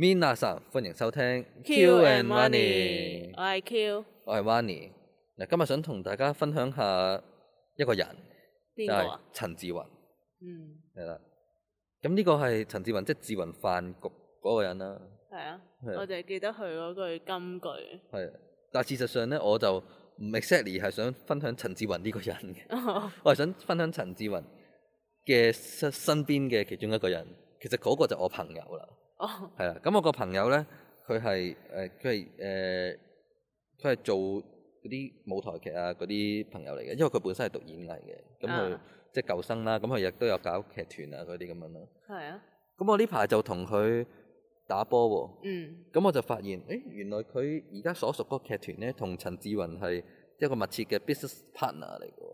Minna sir，歡迎收聽。Q, Q and Vanny，W ani. 我係是 Q，我係 Vanny 嗱，今日想同大家分享下一個人，啊、就係陳志雲。嗯，係啦。咁呢個係陳志雲，即、就、係、是、志雲飯局嗰個人啦。係啊的，的我就記得佢嗰句金句。係，但係事實上咧，我就唔係 Sally，係想分享陳志雲呢個人嘅。 我係想分享陳志雲嘅身身邊嘅其中一個人。其實嗰個就我朋友啦。哦，係啦、oh.，咁我個朋友咧，佢係誒佢係誒佢係做啲舞台劇啊啲朋友嚟嘅，因為佢本身係讀演藝嘅，咁佢、uh. 即係舊生啦、啊，咁佢亦都有搞劇團啊啲咁樣咯。係啊，咁、uh. 我呢排就同佢打波嗯、啊，咁、mm. 我就發現誒、欸、原來佢而家所屬個劇團咧，同陳志雲係一個密切嘅 business partner 嚟嘅。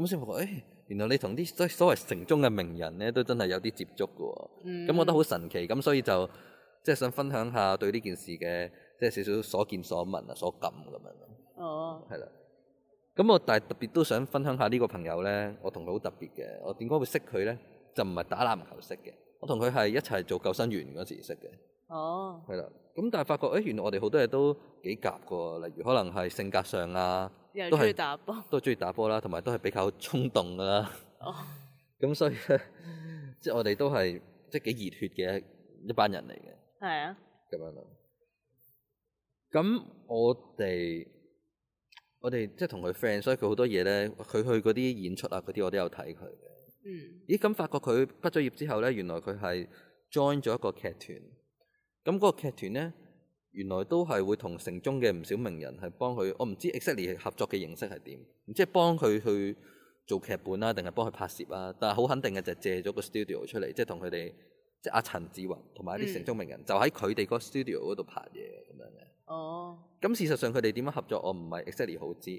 咁先我話、哎，原來你同啲所所謂城中嘅名人咧，都真係有啲接觸嘅喎。咁、嗯、我覺得好神奇，咁所以就即係想分享下對呢件事嘅，即係少少所見所聞啊，所感咁樣咯。哦，係啦。咁我但係特別都想分享下呢個朋友咧，我同佢好特別嘅。我點解會識佢咧？就唔係打籃球識嘅。我同佢係一齊做救生員嗰時識嘅。哦，係啦，oh.。咁但係發覺誒，原來我哋好多嘢都幾夾個，例如可能係性格上啊，都係中意打波，都中意打波啦，同埋都係比較衝動啦。哦，咁所以即係我哋都係即係幾熱血嘅一,一班人嚟嘅。係啊 Yeah.，咁樣咯。咁我哋我哋即係同佢 friend，所以佢好多嘢咧，佢去嗰啲演出啊，嗰啲我都有睇佢嘅。嗯、mm.，咦？咁發覺佢畢咗業之後咧，原來佢係 join 咗一個劇團。咁嗰個劇團咧，原來都係會同城中嘅唔少名人係幫佢，我唔知 exactly 合作嘅形式係點，唔知係幫佢去做劇本啦、啊，定係幫佢拍攝啊？但係好肯定嘅就係借咗個 studio 出嚟，即係同佢哋，即係阿陳志雲同埋一啲城中名人，嗯、就喺佢哋嗰 studio 嗰度拍嘢咁樣嘅。哦，哦。咁事實上佢哋點樣合作，我唔係 exactly 好知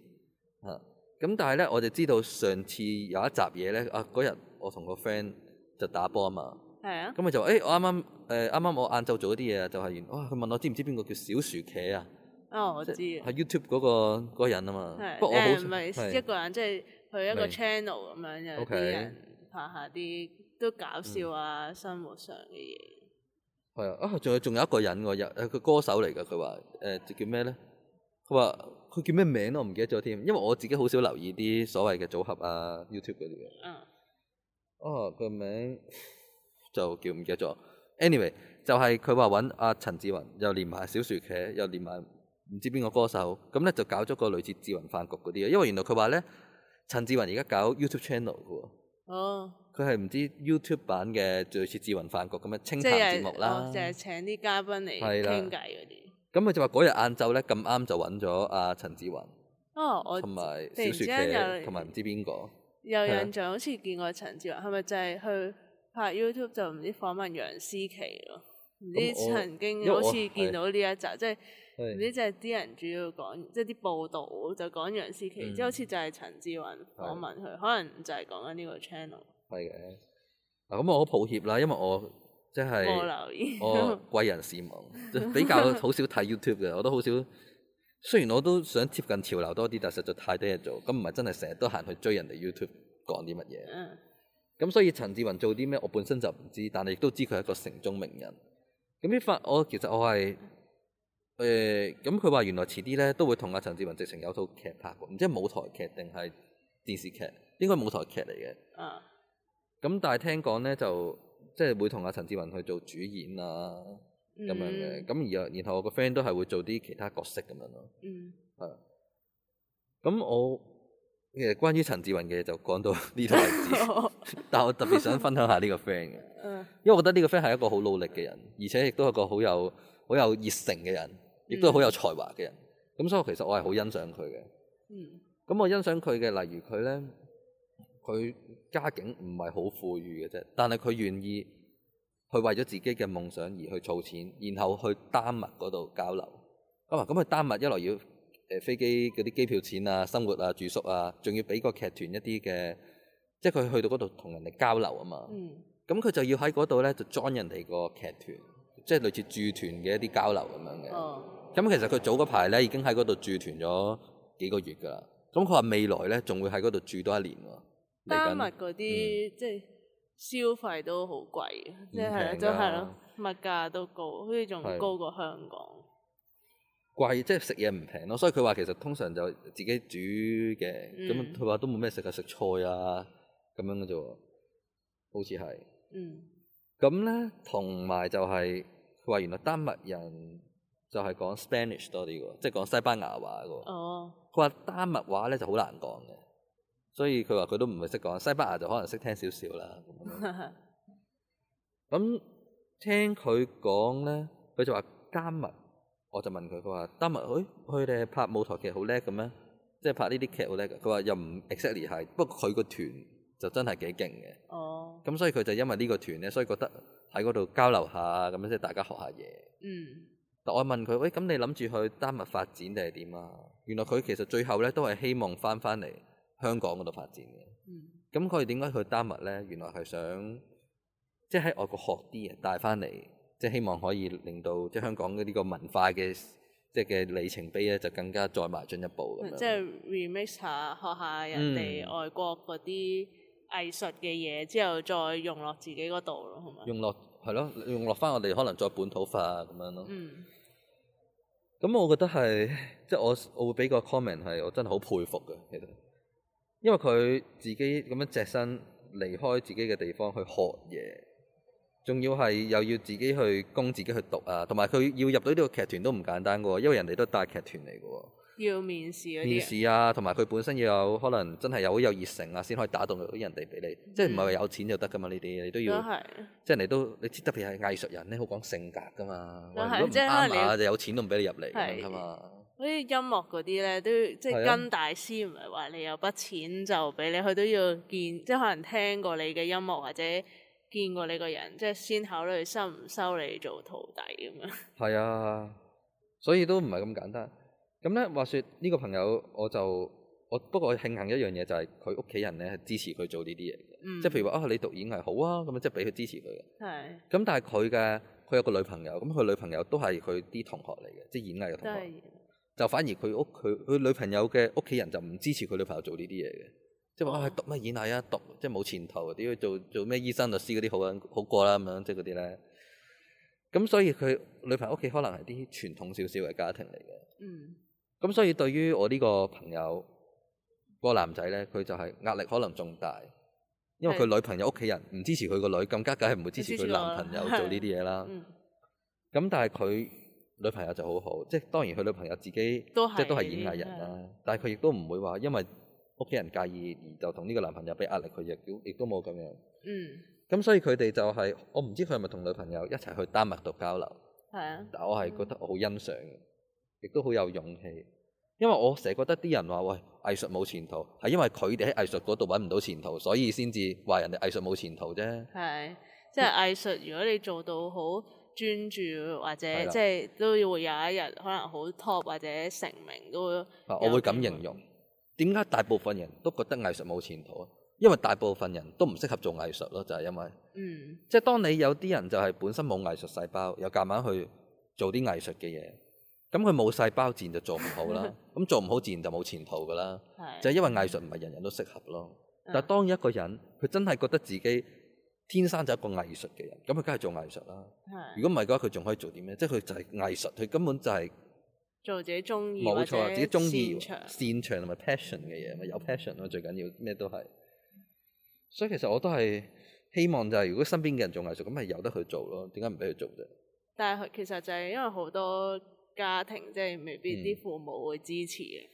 嚇。咁、啊、但係咧，我就知道上次有一集嘢咧，啊嗰日我同個 friend 就打波啊嘛。係啊，咁咪就誒，我啱啱誒啱啱我晏晝做咗啲嘢啊，就係完，哇！佢問我知唔知邊個叫小薯茄啊？哦，我知，係 YouTube 嗰個嗰個人啊嘛。係，誒唔係一個人，即係佢一個 channel 咁樣，嘅。有啲人拍下啲都搞笑啊，生活上嘅嘢。係啊，啊仲有仲有一個人喎，又誒個歌手嚟㗎，佢話誒叫咩咧？佢話佢叫咩名咧？我唔記得咗添，因為我自己好少留意啲所謂嘅組合啊、YouTube 嗰啲嘢。哦，個名。就叫唔記得咗。Anyway 就係佢話揾阿陳志雲又，又連埋小薯茄，又連埋唔知邊個歌手，咁咧就搞咗個類似志雲飯局嗰啲啊。因為原來佢話咧，陳志雲而家搞 YouTube channel 嘅喎、哦。哦，佢係唔知 YouTube 版嘅類似志雲飯局咁嘅清談節目啦。就係請啲嘉賓嚟傾偈嗰啲。咁佢的就話嗰日晏晝咧咁啱就揾咗阿陳志雲。哦，我同埋小薯茄，同埋唔知邊個。有，有印象，好似見過陳志雲，係咪 É. 就係去，去？拍 YouTube 就唔知訪問楊思琦咯，唔知我曾經好似見到呢一集，即係唔知即係啲人主要講，即係啲報道就講楊思琦，即係、嗯、好似就係陳志雲訪問佢，的可能就係講緊呢個 channel。係嘅，嗱、啊、咁、嗯、我好抱歉啦，因為我即係我,我貴人事忙， 比較好少睇 YouTube 嘅，我都好少。雖然我都想貼近潮流多啲，但係實在太多嘢做，咁唔係真係成日都行去追人哋 YouTube 講啲乜嘢。 咁、嗯、所以陳志雲做啲咩，我本身就唔知，但係亦都知佢係一個城中名人。咁呢發，我其實我係誒，咁佢話原來遲啲咧都會同阿陳志雲直情有套劇拍，唔知係舞台劇定係電視劇，應該舞台劇嚟嘅。啊！咁但係聽講咧就即係會同阿陳志雲去做主演啊咁樣嘅，咁而然後我個 friend 都係會做啲其他角色咁樣咯。嗯。係、嗯。咁我其實關於陳志雲嘅就講到呢度 但係我特別想分享下呢個 friend 嘅，因為我覺得呢個 friend 係一個好努力嘅人，而且亦都係個好有好有熱誠嘅人，亦都係好有才華嘅人。咁所以其實我係好欣賞佢嘅。咁我欣賞佢嘅，例如佢咧，佢家境唔係好富裕嘅啫，但係佢願意去為咗自己嘅夢想而去儲錢，然後去丹麥嗰度交流。咁啊，咁佢丹麥一來要誒飛機嗰啲機票錢啊、生活啊、住宿啊，仲要俾個劇團一啲嘅。即係佢去到嗰度同人哋交流啊嘛，咁佢、嗯嗯、就要喺嗰度咧就 join 人哋個劇團，即係類似駐團嘅一啲交流咁樣嘅。咁、哦嗯、其實佢早嗰排咧已經喺嗰度駐團咗幾個月㗎啦。咁佢話未來咧仲會喺嗰度住多一年喎。丹麥嗰啲即係消費都好貴，即係係咯，物價都高，好似仲高過香港。貴即係食嘢唔平咯，所以佢話其實通常就自己煮嘅，咁佢話都冇咩食啊，食菜啊。咁樣嘅啫，好似係。嗯。咁咧，同埋就係，佢話原來丹麥人就係講 Spanish 多啲嘅，即係講西班牙話嘅。哦。佢話丹麥話咧就好難講嘅，所以佢話佢都唔係識講西班牙，就可能識聽少少啦。咁、 嗯、聽佢講咧，佢就話丹麥。我就問佢，佢話丹麥佢佢哋拍舞台劇好叻咁咩？即係拍呢啲劇好叻嘅。佢話又唔 exactly 係，不過佢個團。就真係幾勁嘅，咁、oh. 所以佢就因為呢個團咧，所以覺得喺嗰度交流下，咁即係大家學下嘢。嗯。Mm. 但我問佢，喂、欸，咁你諗住去丹麥發展定係點啊？原來佢其實最後咧都係希望翻翻嚟香港嗰度發展嘅。嗯。咁佢點解去丹麥咧？原來係想即係喺外國學啲嘢帶翻嚟，即係希望可以令到即係香港嘅呢個文化嘅即係嘅里程碑咧就更加再邁進一步。即係 remix 下學下人哋、mm. 外國嗰啲藝術嘅嘢之後再用落自己嗰度咯，係咪？用落係咯，用落翻我哋可能再本土化咁樣咯。嗯。咁我覺得係，即係我我會俾個 comment 係，我真係好佩服嘅，其實，因為佢自己咁樣隻身離開自己嘅地方去學嘢，仲要係又要自己去供自己去讀啊，同埋佢要入到呢個劇團都唔簡單嘅喎，因為人哋都大劇團嚟嘅喎。要面試嗰啲面試啊，同埋佢本身要有可能真係又好有熱誠啊，先可以打動到人哋俾你。即係唔係話有錢就得㗎嘛？呢啲你都要，嗯、即係你都你特別係藝術人咧，你好講性格㗎嘛。就係、嗯、即係你有錢都唔俾你入嚟㗎嘛。好似的吧音樂嗰啲咧都即係跟大師，唔係話你有筆錢就俾你，佢都要見，即係可能聽過你嘅音樂或者見過你個人，即係先考慮收唔收你做徒弟咁樣。係啊，所以都唔係咁簡單。咁咧，話説呢個朋友我就我不過我慶幸一樣嘢就係佢屋企人咧係支持佢做呢啲嘢嘅，嗯、即係譬如話啊，你讀演藝好啊，咁樣即係俾佢支持佢。係是。咁但係佢嘅佢有個女朋友，咁佢女朋友都係佢啲同學嚟嘅，即係演藝嘅同學。是就反而佢屋佢佢女朋友嘅屋企人就唔支持佢女朋友做呢啲嘢嘅，即係話、哦、啊讀咩演藝啊，讀即係冇前途，你要做做咩醫生律師嗰啲好好過啦咁樣，即係嗰啲咧。咁所以佢女朋友屋企可能係啲傳統少少嘅家庭嚟嘅。嗯。咁所以對於我呢個朋友、個男仔咧，佢就係壓力可能仲大，因為佢女朋友屋企人唔支持佢個女，更加梗係唔會支持佢男朋友做呢啲嘢啦。咁、嗯、但係佢女朋友就好好，即係當然佢女朋友自己都是即係都係演藝人啦、啊，的但係佢亦都唔會話因為屋企人介意而就同呢個男朋友俾壓力，佢亦都亦都冇咁樣。嗯。咁所以佢哋就係、是、我唔知佢係咪同女朋友一齊去丹麥度交流？係啊的。但我係覺得好欣賞亦都好有勇氣，因為我成日覺得啲人話：喂，藝術冇前途，係因為佢哋喺藝術嗰度揾唔到前途，所以先至話人哋藝術冇前途啫。係，即係藝術，如果你做到好專注，或者係即係都要會有一日可能好 top 或者成名都會。啊，我會咁形容。點解、嗯、大部分人都覺得藝術冇前途啊？因為大部分人都唔適合做藝術咯，就係、是、因為，嗯，即係當你有啲人就係本身冇藝術細胞，又夾硬去做啲藝術嘅嘢。咁佢冇細胞，自然就做唔好啦。咁做唔好， 好自然就冇前途噶啦。是就係因為藝術唔係人人都適合咯。嗯、但係當一個人，佢真係覺得自己天生就係一個藝術嘅人，咁佢梗係做藝術啦。如果唔係嘅話，佢仲可以做啲咩？即係佢就係藝術，佢根本就係做自己中意，冇錯，自己中意擅長同埋 passion 嘅嘢。咪、就是 pass 就是、有 passion 最緊要咩都係。所以其實我都係希望就係如果身邊嘅人做藝術，咁咪由得佢做咯。點解唔俾佢做啫？但係其實就係因為好多。家庭即係未必啲父母會支持、嗯、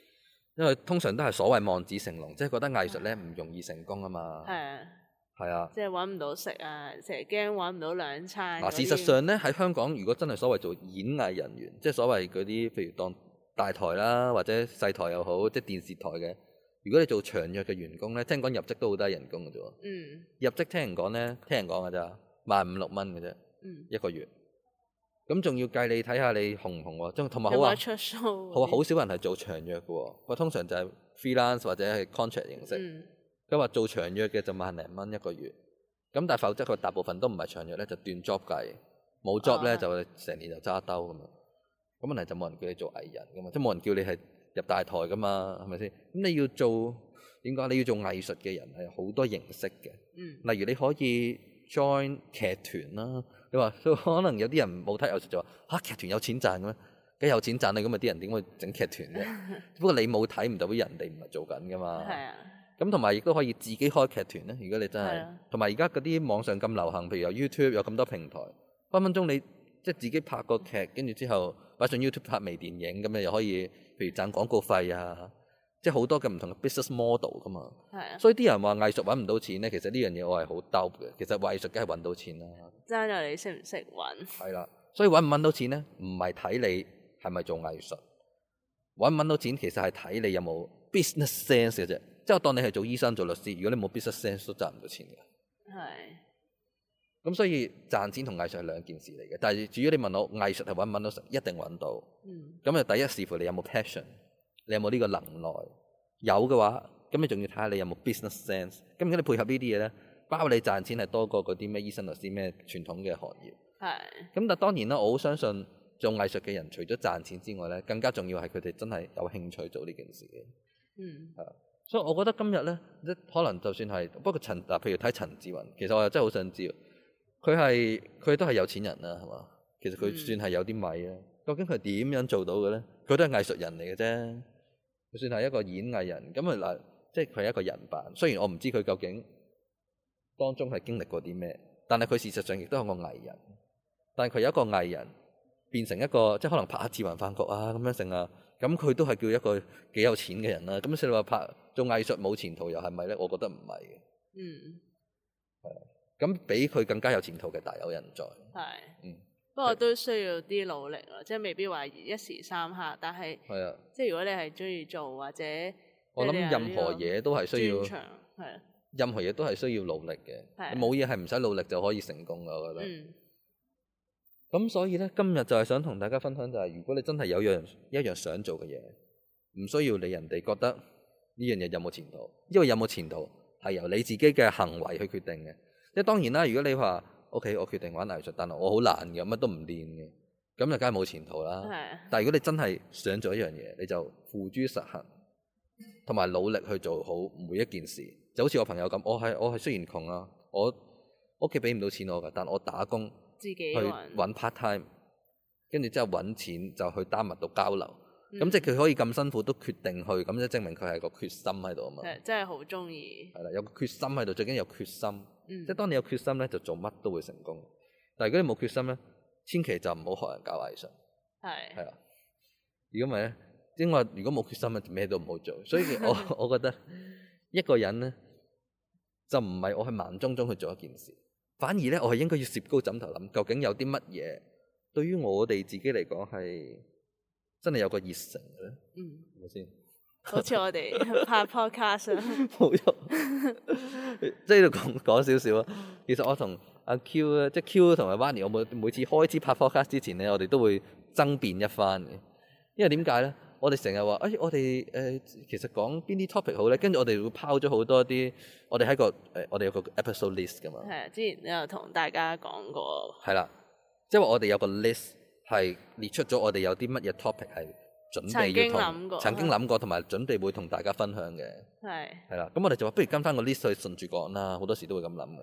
因為通常都係所謂望子成龍，即係覺得藝術咧唔容易成功啊嘛。係、哎、呀啊，係啊，即係揾唔到食啊，成日驚揾唔到兩餐。嗱，事實上咧喺香港，如果真係所謂做演藝人員，即係所謂嗰啲譬如當大台啦，或者細台又好，即係電視台嘅，如果你做長約嘅員工咧，聽講入職都好低人工嘅啫。嗯，入職聽人講咧，聽人講嘅咋，萬五六蚊嘅啫，一個月。嗯。咁仲要計你睇下你紅唔紅喎，同埋好啊，好啊，好少人係做長約嘅喎，佢通常就係 freelance 或者係 contract 形式。佢話、嗯、做長約嘅就萬零蚊一個月，咁但係否則佢大部分都唔係長約咧，就斷 job 計，冇 job 咧就成年就揸兜咁嘛。咁問題就冇人叫你做藝人㗎嘛，即係冇人叫你係入大台㗎嘛，係咪先？咁你要做，點解？你要做藝術嘅人係好多形式嘅，嗯、例如你可以 join 劇團啦。你話，可能有啲人冇睇有時就話嚇、啊、劇團有錢賺嘅咩？梗有錢賺啊？咁啊啲人點會整劇團啫？ 不過你冇睇唔代表人哋唔係做緊噶嘛。係啊。咁同埋亦都可以自己開劇團咧。如果你真係，同埋而家嗰啲網上咁流行，譬如 you 有 YouTube 有咁多平台，分分鐘你即係自己拍個劇，跟住之後擺上 YouTube 拍微電影，咁樣又可以，譬如賺廣告費啊。即係好多嘅唔同嘅 business model 噶嘛，係啊，所以啲人話藝術揾唔到錢咧，其實呢樣嘢我係好 doubt 嘅。其實畫藝術梗係揾到錢啦。真係你識唔識揾？係啦，所以揾唔揾到錢咧，唔係睇你係咪做藝術，揾唔揾到錢其實係睇你有冇 business sense 嘅啫。即我當你係做醫生、做律師，如果你冇 business sense 都賺唔到錢嘅。係。咁所以賺錢同藝術係兩件事嚟嘅。但係至於你問我藝術係揾唔揾到，一定揾到。嗯。咁啊，第一視乎你有冇 passion。你有冇呢個能耐？有嘅話，咁你仲要睇下你有冇 business sense。咁而家你配合呢啲嘢咧，包你賺錢係多過嗰啲咩醫生律師咩傳統嘅行業。係是。咁但係當然啦，我好相信做藝術嘅人，除咗賺錢之外咧，更加重要係佢哋真係有興趣做呢件事嘅。嗯。啊，所以我覺得今日咧，可能就算係，不過陳嗱，譬如睇陳志雲，其實我又真係好想知道，佢係佢都係有錢人啦、啊，係嘛？其實佢算係有啲米啦、啊。嗯、究竟佢點樣做到嘅咧？佢都係藝術人嚟嘅啫。佢算係一個演藝人，咁啊嗱，即係佢係一個人吧。雖然我唔知佢究竟當中係經歷過啲咩，但係佢事實上亦都係個藝人。但係佢由一個藝人變成一個，即係可能拍下《志雲飯局》啊咁樣成啊，咁佢都係叫一個幾有錢嘅人啦。咁所以話拍做藝術冇前途又係咪咧？我覺得唔係嘅。嗯。係。咁比佢更加有前途嘅大有人在。係是。嗯。不過都需要啲努力咯，即係未必話一時三刻。但係的即係如果你係中意做或者，我諗想 任何嘢都係需要，任何嘢都係需要努力嘅。冇嘢係唔使努力就可以成功嘅，我覺得。咁、嗯、所以咧，今日就係想同大家分享就係、是，如果你真係有一樣一樣想做嘅嘢，唔需要理人哋覺得呢樣嘢有冇前途，因為有冇前途係由你自己嘅行為去決定嘅。即係當然啦，如果你話。O.K. 我決定玩藝術，但係我好懶嘅，乜都唔練嘅，咁就梗係冇前途啦。的但係如果你真係想做一樣嘢，你就付諸實行，同埋努力去做好每一件事。就好似我朋友咁，我係我係雖然窮啊，我屋企俾唔到錢我嘅，但我打工，自己揾 part time，跟住之後揾錢就去丹麥度交流。咁、嗯、即係佢可以咁辛苦都決定去，咁即係證明佢係個決心喺度啊嘛。真係好中意。係啦，有個決心喺度，最緊要有決心。嗯、即係當你有決心咧，就做乜都會成功。但係如果你冇決心咧，千祈就唔好學人搞藝術。係是，係啦。如果唔係咧，因為如果冇決心咧，咩都唔好做。所以我我覺得一個人咧，就唔係我係盲中中去做一件事，反而咧我係應該要攝高枕頭諗，究竟有啲乜嘢對於我哋自己嚟講係真係有個熱誠嘅咧。嗯，我知。 好似我哋拍 podcast 啦，冇 沒用， 即係講講少少啊。其實我同阿 Q 啊，即係 Q 同埋 Vanny，我每每次開始拍 podcast 之前咧，我哋都會爭辯一番嘅。因為點解咧？我哋成日話，哎我哋誒其實講邊啲 topic 好咧？跟住我哋會拋咗好多啲，我哋喺個誒，我哋有個 episode list 噶嘛。係啊，之前我有同大家講過。係啦，即係我哋有個 list 係列出咗我哋有啲乜嘢 topic 係。準備要同曾經諗過，同埋準備會同大家分享嘅係係啦。咁的我哋就話：不如跟番個 list 去順住講啦。好多時都會咁諗嘅。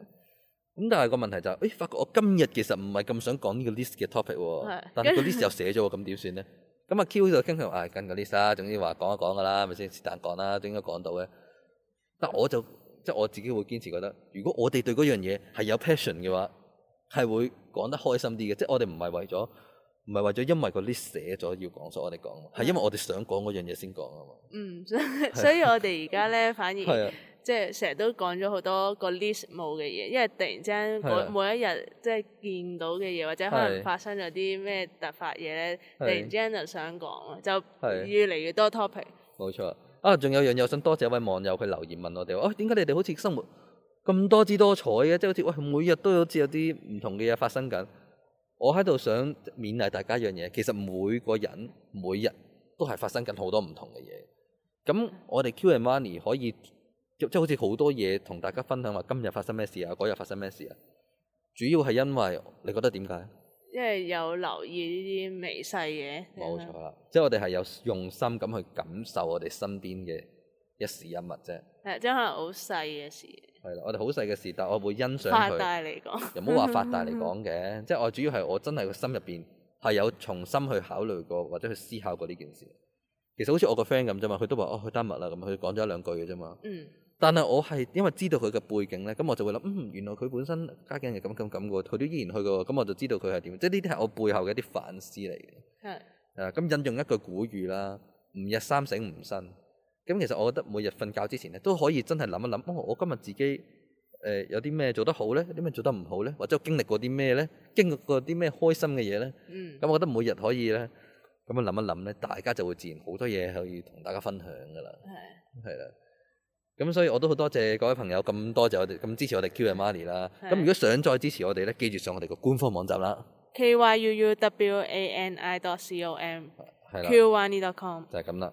咁但係個問題就誒、係，發覺我今日其實唔係咁想講呢個 list 嘅 topic，但係個 list 又寫咗喎，咁點算咧？咁啊，Q 就經常話：跟個 list 啊，總之話講一講㗎啦，係咪先？是但講啦，都應該講到嘅。但我就即係我自己會堅持覺得，如果我哋對嗰樣嘢係有 passion 嘅話，係會講得開心啲嘅。即係我哋唔係為咗。唔係為咗因為個 list 寫咗要講，所， 所以我哋講，係因為我哋想講嗰樣嘢先講啊嘛。嗯，所以我哋而家咧反而即係成日都講咗好多個 list 冇嘅嘢，因為突然之間每一日即係見到嘅嘢，或者可能發生咗啲咩突發嘢咧，是突然之間就想講就越嚟越多 topic。冇錯。啊，仲有樣嘢想多謝位網友佢留言問我哋哦，點、哎、解你哋好似生活咁多姿多彩嘅？即、就、係、是、好似喂、哎，每日都好有好似有啲唔同嘅嘢發生緊。我喺度想勉勵大家一樣嘢，其實每個人每日都係發生緊好多唔同嘅嘢。咁我哋 Q&A Money 可以即係好似好多嘢同大家分享話，今日發生咩事啊？嗰日發生咩事啊？主要係因為你覺得點解？因為有留意呢啲微細嘅，冇錯啦，即係我哋係有用心咁去感受我哋身邊嘅一事一物啫。係，即係可能好細嘅事。係啦，我哋好細嘅事，但我會欣賞佢。發大嚟講，又冇話發大嚟講嘅， 即係我主要係我真係個心入邊係有重新去考慮過或者去思考過呢件事。其實好似我個 friend 咁啫嘛，佢都話哦，去丹誤丹麥啦，咁佢講咗兩句嘅啫嘛。嗯。但係我係因為知道佢嘅背景咧，咁我就會諗，嗯，原來佢本身家境係咁咁咁嘅，佢都依然去嘅，咁我就知道佢係點。即係呢啲係我背後嘅一啲反思嚟嘅。係的。誒、嗯，咁引用一句古語啦，吾日三省吾身。咁其實我覺得每日瞓覺之前咧都可以真係諗一諗，我今日自己誒、呃、有啲咩做得好咧，有啲咩做得唔好咧，或者經歷過啲咩咧，經歷過啲咩開心嘅嘢咧。嗯。咁我覺得每日可以咧，咁樣諗一諗咧，大家就會自然好多嘢可以同大家分享噶啦。係是。係啦。咁所以我都好多謝各位朋友咁多謝我哋咁支持我哋 Q&A Money 啦。咁的如果想再支持我哋咧，記住上我哋嘅官方網站啦。quunani.com。係啦。qunani.com 就係咁啦。